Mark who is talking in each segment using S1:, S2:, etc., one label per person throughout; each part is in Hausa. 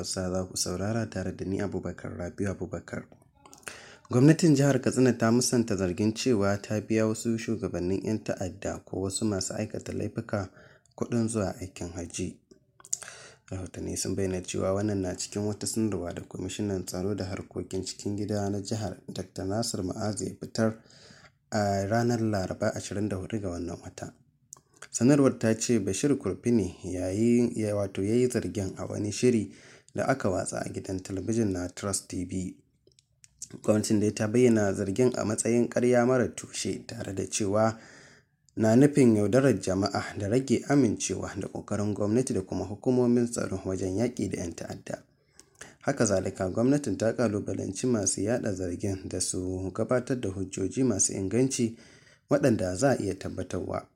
S1: Hausa za ku saurara tare da ni Abubakar Rabiu Abubakar. Gwamnatin jihar Katsina ta musanta zargin cewa ta biya wasu shugabannin 'yan ta'adda ko wasu masu aikata laifuka kuɗin zuwa aikin hajji. Rahotanni sun bayyana cewa wannan na cikin wata sanarwa da kwamishinan tsaro da harkokin cikin gida na jihar Dr. Nasir Ma'azu ya fitar a ranar Laraba 24 ga wannan wata. sanarwar ta ce bashir kurfi ne yayi wato yayi zargin a wani shiri da aka watsa a gidan talabijin na Trust TV. Gwamnatin dai ta bayyana zargin a matsayin ƙarya mara tushe tare da cewa na nufin yaudarar jama'a da rage amincewa da ƙoƙarin gwamnati da kuma hukumomin tsaro wajen yaƙi da 'yan ta'adda. Haka zalika gwamnatin ta ƙalubalanci masu yada zargin da su gabatar da hujjoji masu inganci waɗanda za a iya tabbatarwa.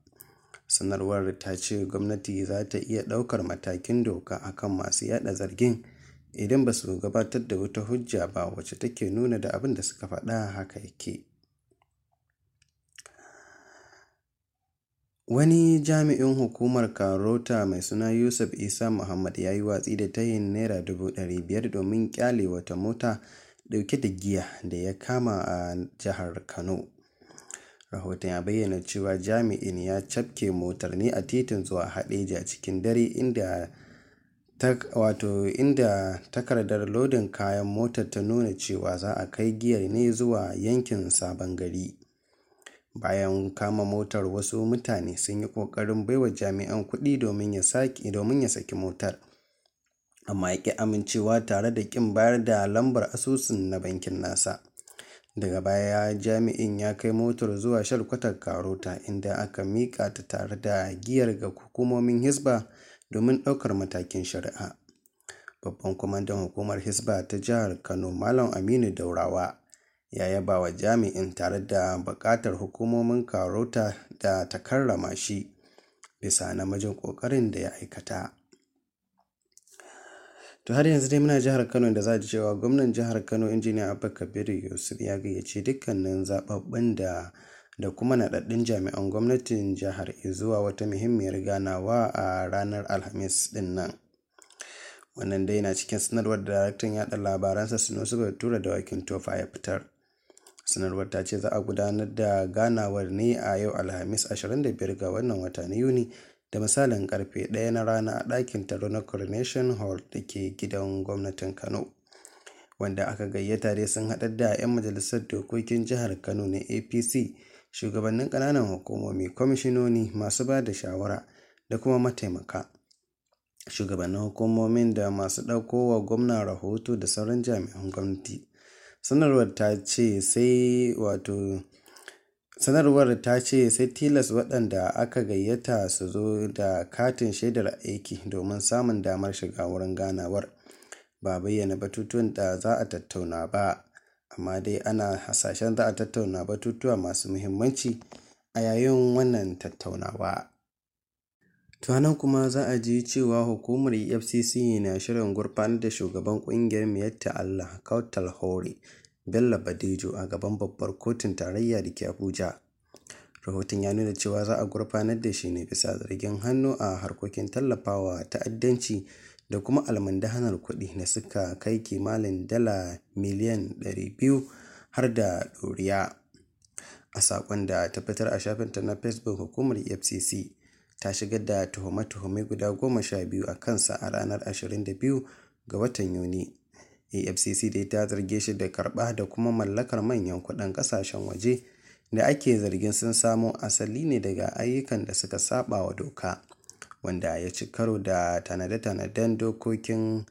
S1: sanarwar ta ce gwamnati za ta iya ɗaukar matakin doka akan masu yada zargin idan ba su gabatar da wata hujja ba wacce take nuna da abin da suka faɗa haka yake wani jami'in hukumar karota mai suna yusuf isa muhammad ya yi watsi da tayin naira dubu ɗari biyar domin kyale wata mota ɗauke da giya da ya kama a jihar kano Rahoton ya bayyana cewa jami'in ya cafke motar ne a titin zuwa Hadeja cikin dare inda wato inda takardar lodin kayan motar ta nuna cewa za a kai giyar ne zuwa yankin Sabon Gari. Bayan kama motar wasu mutane sun yi ƙoƙarin baiwa jami'an kuɗi domin ya saki motar, amma ya amincewa tare da ƙin bayar da lambar asusun na bankin nasa. daga baya jami'in ya kai motar zuwa shalkwatar karota inda aka miƙa ta tare da giyar ga hukumomin hisba domin ɗaukar matakin shari'a babban kwamandan hukumar hisba ta jihar kano malam aminu daurawa ya yaba wa jami'in tare da buƙatar hukumomin karota da ta karrama shi bisa namijin ƙoƙarin da ya aikata To har yanzu dai muna jihar Kano da za a cewa gwamnan jihar Kano injiniya Abba Kabir Yusuf ya gayyace dukkanin zababbin da da kuma naɗaɗɗun jami'an gwamnatin jihar zuwa wata muhimmiyar ganawa a ranar Alhamis din nan. Wannan dai na cikin sanarwar da daraktan yaɗa labaransa Sunusu tura da Wakin Tofa ya fitar. sanarwar ta ce za a gudanar da ganawar ne a yau alhamis 25 ga wannan wata na yuni da misalin karfe ɗaya na rana a ɗakin taro na coronation hall da ke gidan gwamnatin kano wanda aka gayyata dai sun haɗar da 'yan majalisar dokokin jihar kano na apc shugabannin ƙananan hukumomi kwamishinoni masu ba da shawara da kuma mataimaka shugabannin hukumomin da masu ɗaukowa gwamna rahoto da sauran jami'an gwamnati sanarwar ta ce sai wato sanarwar ta ce sai tilas waɗanda aka gayyata su zo da katin shaidar aiki domin samun damar shiga wurin ganawar ba bayyana batutuwan da za a tattauna ba amma dai ana hasashen za a tattauna batutuwa masu muhimmanci a yayin wannan tattaunawa tunanin kuma za a ji cewa hukumar efcc na shirin gurfanar da shugaban ƙungiyar miyatta allah kautal hore Bello Badejo a gaban Babbar Kotun Tarayya da ke Abuja. Rahoton ya nuna cewa za a gurfanar da shi ne bisa zargin hannu a harkokin tallafawa ta'addanci da kuma almandahanar kuɗi da suka kai kimanin dala miliyan 200 har da ɗoriya. A saƙon da ta fitar a shafinta na Facebook hukumar EFCC ta shigar da tuhume-tuhume guda goma sha biyu a kansa a ranar 22 ga watan Yuni. afcc dai ta zarge shi da karɓa da kuma mallakar manyan kuɗin ƙasashen waje da ake zargin sun samo asali ne daga ayyukan da suka saba wa doka wanda ya ci karo da tanade-tanaden dokokin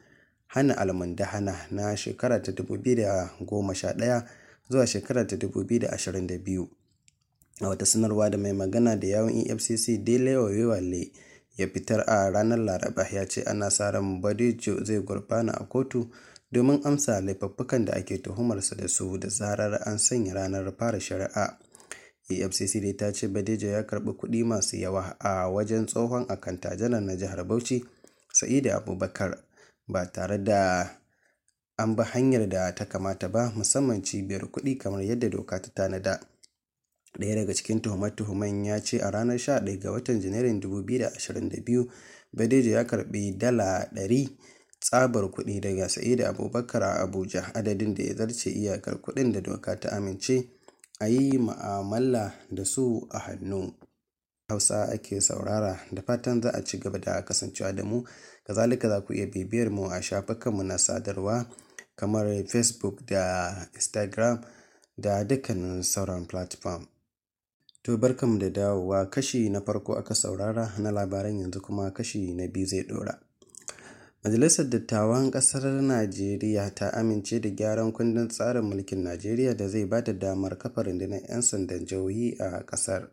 S1: hana almundahana na shekara ta 2011 zuwa shekara ta 2022 a wata sanarwa da mai magana da yawon efcc dele wale ya fitar a ranar laraba ya ce ana sa ran badejo zai gurbana a kotu domin amsa laifafukan da ake tuhumarsa da su da zarar an sanya ranar fara shari'a. efcc dai ta ce badeja ya karbi kuɗi masu yawa a wajen tsohon akanta janar na jihar bauchi sa'idu abubakar ba tare da an bi hanyar da ta kamata ba musamman cibiyar kuɗi kamar yadda doka ta tanada ɗaya daga cikin tuhume-tuhumen ya ce a ranar 11 ga watan janairun 2022 badeja ya karbi dala 100 tsabar kuɗi daga sa'ida Abubakar a Abuja adadin da ya zarce iyakar kuɗin da doka ta amince a yi ma'amala da su a hannu. Hausa ake saurara da fatan za a ci gaba da kasancewa da mu, kazalika za ku iya bibiyar mu a shafukanmu na sadarwa kamar Facebook da Instagram da dukkanin sauran platform. To barkanmu da dawowa kashi na farko aka saurara na labaran yanzu kuma kashi na biyu zai ɗora. Majalisar Dattawan Ƙasar Najeriya ta amince da gyaran kundin tsarin mulkin Najeriya da zai ba da damar kafa rundunar 'yan sandan jihohi a ƙasar.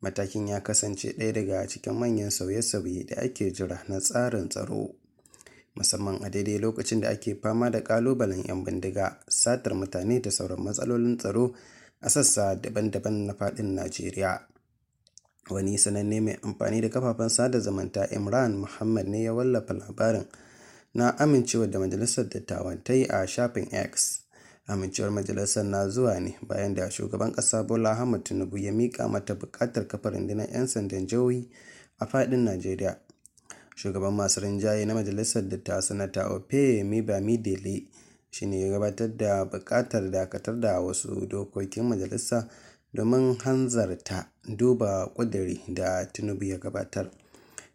S1: Matakin ya kasance ɗaya daga cikin manyan sauye-sauye da ake jira na tsarin tsaro, musamman a daidai lokacin da ake fama da ƙalubalen 'yan bindiga, satar mutane da sauran matsalolin tsaro a sassa daban-daban na faɗin Najeriya. wani sananne mai amfani da kafafen sada zamanta imran muhammad ne ya wallafa labarin na amincewa da majalisar dattawan ta yi a shafin x amincewar majalisar na zuwa ne bayan da shugaban kasa bola ahmad tinubu ya mika mata bukatar kafa rundunar 'yan sandan jihohi a fadin najeriya shugaban masu rinjaye na majalisar da ta sanata ope mibami dele shine ya gabatar da bukatar dakatar da wasu dokokin majalisa domin hanzarta duba ƙudiri da tinubu ya gabatar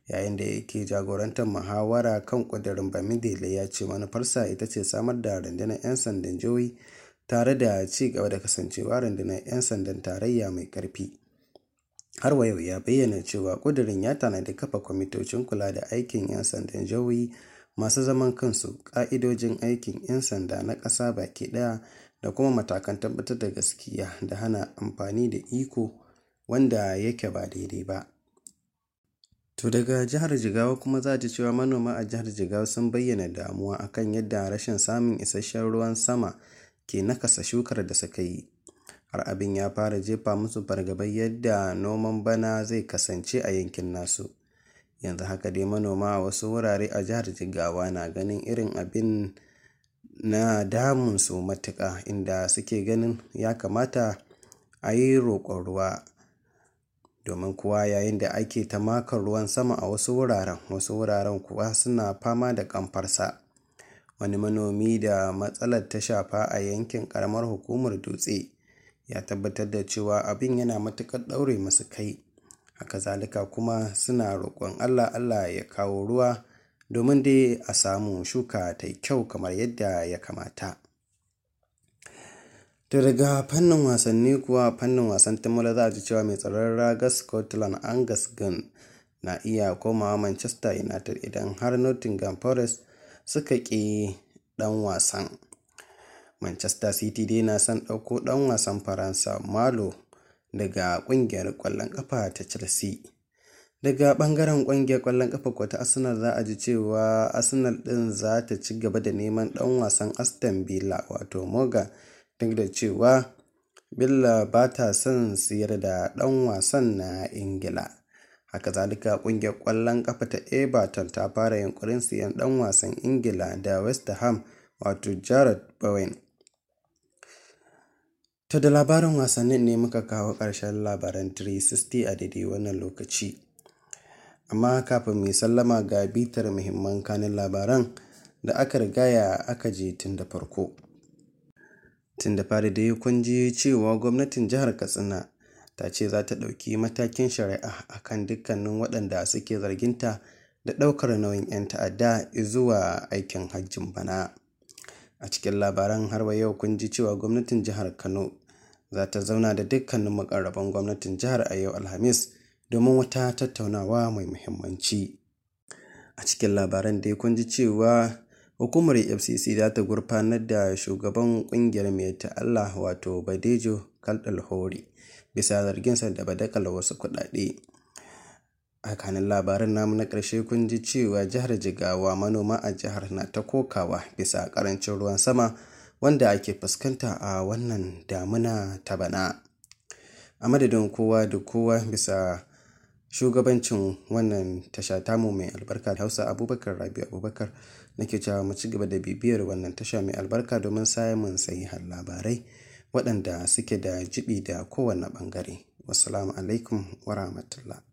S1: yayin da yake jagorantar muhawara kan ƙudirin bamidele ya ce manufarsa ita ce samar da rundunar 'yan sandan jihohi tare da ci gaba da kasancewa rundunar 'yan sandan tarayya mai ƙarfi har wa yau ya bayyana cewa ƙudirin ya tanadi kafa kwamitocin kula da aikin 'yan sandan jihohi masu zaman kansu ƙa'idojin aikin 'yan sanda na ƙasa baki ɗaya da kuma matakan tabbatar da gaskiya da hana amfani da iko wanda yake ba daidai ba. To daga jihar Jigawa kuma za ji cewa manoma a jihar Jigawa sun bayyana damuwa akan yadda rashin samun isasshen ruwan sama ke nakasa shukar da suka yi. Har abin ya fara jefa musu fargabar yadda noman bana zai kasance a yankin nasu. Yanzu haka dai manoma a wasu wurare a jihar Jigawa na ganin irin abin na damun su matuƙa inda suke ganin ya kamata a yi roƙon ruwa domin kuwa yayin da ake ta ruwan sama a wasu wuraren wasu wuraren kuwa suna fama da ƙamfarsa wani manomi da matsalar ta shafa a yankin ƙaramar hukumar dutse ya tabbatar da cewa abin yana matuƙar ɗaure masu kai haka zalika kuma suna roƙon allah allah ya kawo ruwa domin dai a samu shuka ta yi kyau kamar yadda ya kamata ta daga fannin wasanni kuwa fannin wasan timula za a ji cewa mai tsaron raga scotland angus gun na iya komawa manchester united idan har nottingham forest suka ƙi dan wasan manchester city dai na son ɗauko dan wasan faransa malo daga ƙungiyar ƙwallon ƙafa ta chelsea daga bangaren ƙungiyar kwallon kafa kwata arsenal za a ji cewa arsenal din za ta ci gaba da neman dan wasan aston villa wato moga duk da cewa villa ba ta son siyar da dan wasan na ingila haka zalika ƙungiyar kwallon kafa ta everton ta fara yunkurin siyan dan wasan ingila da west ham wato jared bowen To da labarin wasannin ne muka kawo ƙarshen labaran 360 a daidai wannan lokaci. amma kafin mai sallama ga bitar muhimman kanin labaran da aka rigaya aka je tun da farko tun da fari da kun ji cewa gwamnatin jihar katsina ta ce za ta ɗauki matakin shari'a akan dukkanin waɗanda suke zarginta da ɗaukar nauyin 'yan ta'adda zuwa aikin hajjin bana a cikin labaran harwa yau kun ji cewa gwamnatin jihar kano za ta zauna da dukkanin makarraban gwamnatin jihar a yau alhamis domin wata tattaunawa mai muhimmanci a cikin labaran dai kun ji cewa hukumar fcc za ta gurfanar da shugaban kungiyar mai ta'alla wato badejo kaldal hori bisa zarginsa da badakala wasu kuɗaɗe a kanin labarin namu na ƙarshe kun ji cewa jihar jigawa manoma a jihar na ta kokawa bisa ƙarancin ruwan sama wanda ake fuskanta a wannan damuna ta bana a madadin kowa da kowa bisa shugabancin wannan tasha tamu mai albarka hausa abubakar rabi abubakar na ke cewa mu ci gaba da bibiyar wannan tasha mai albarka domin samun sahihan labarai waɗanda suke da jibi da kowane ɓangare wasu alaikum wa rahmatullah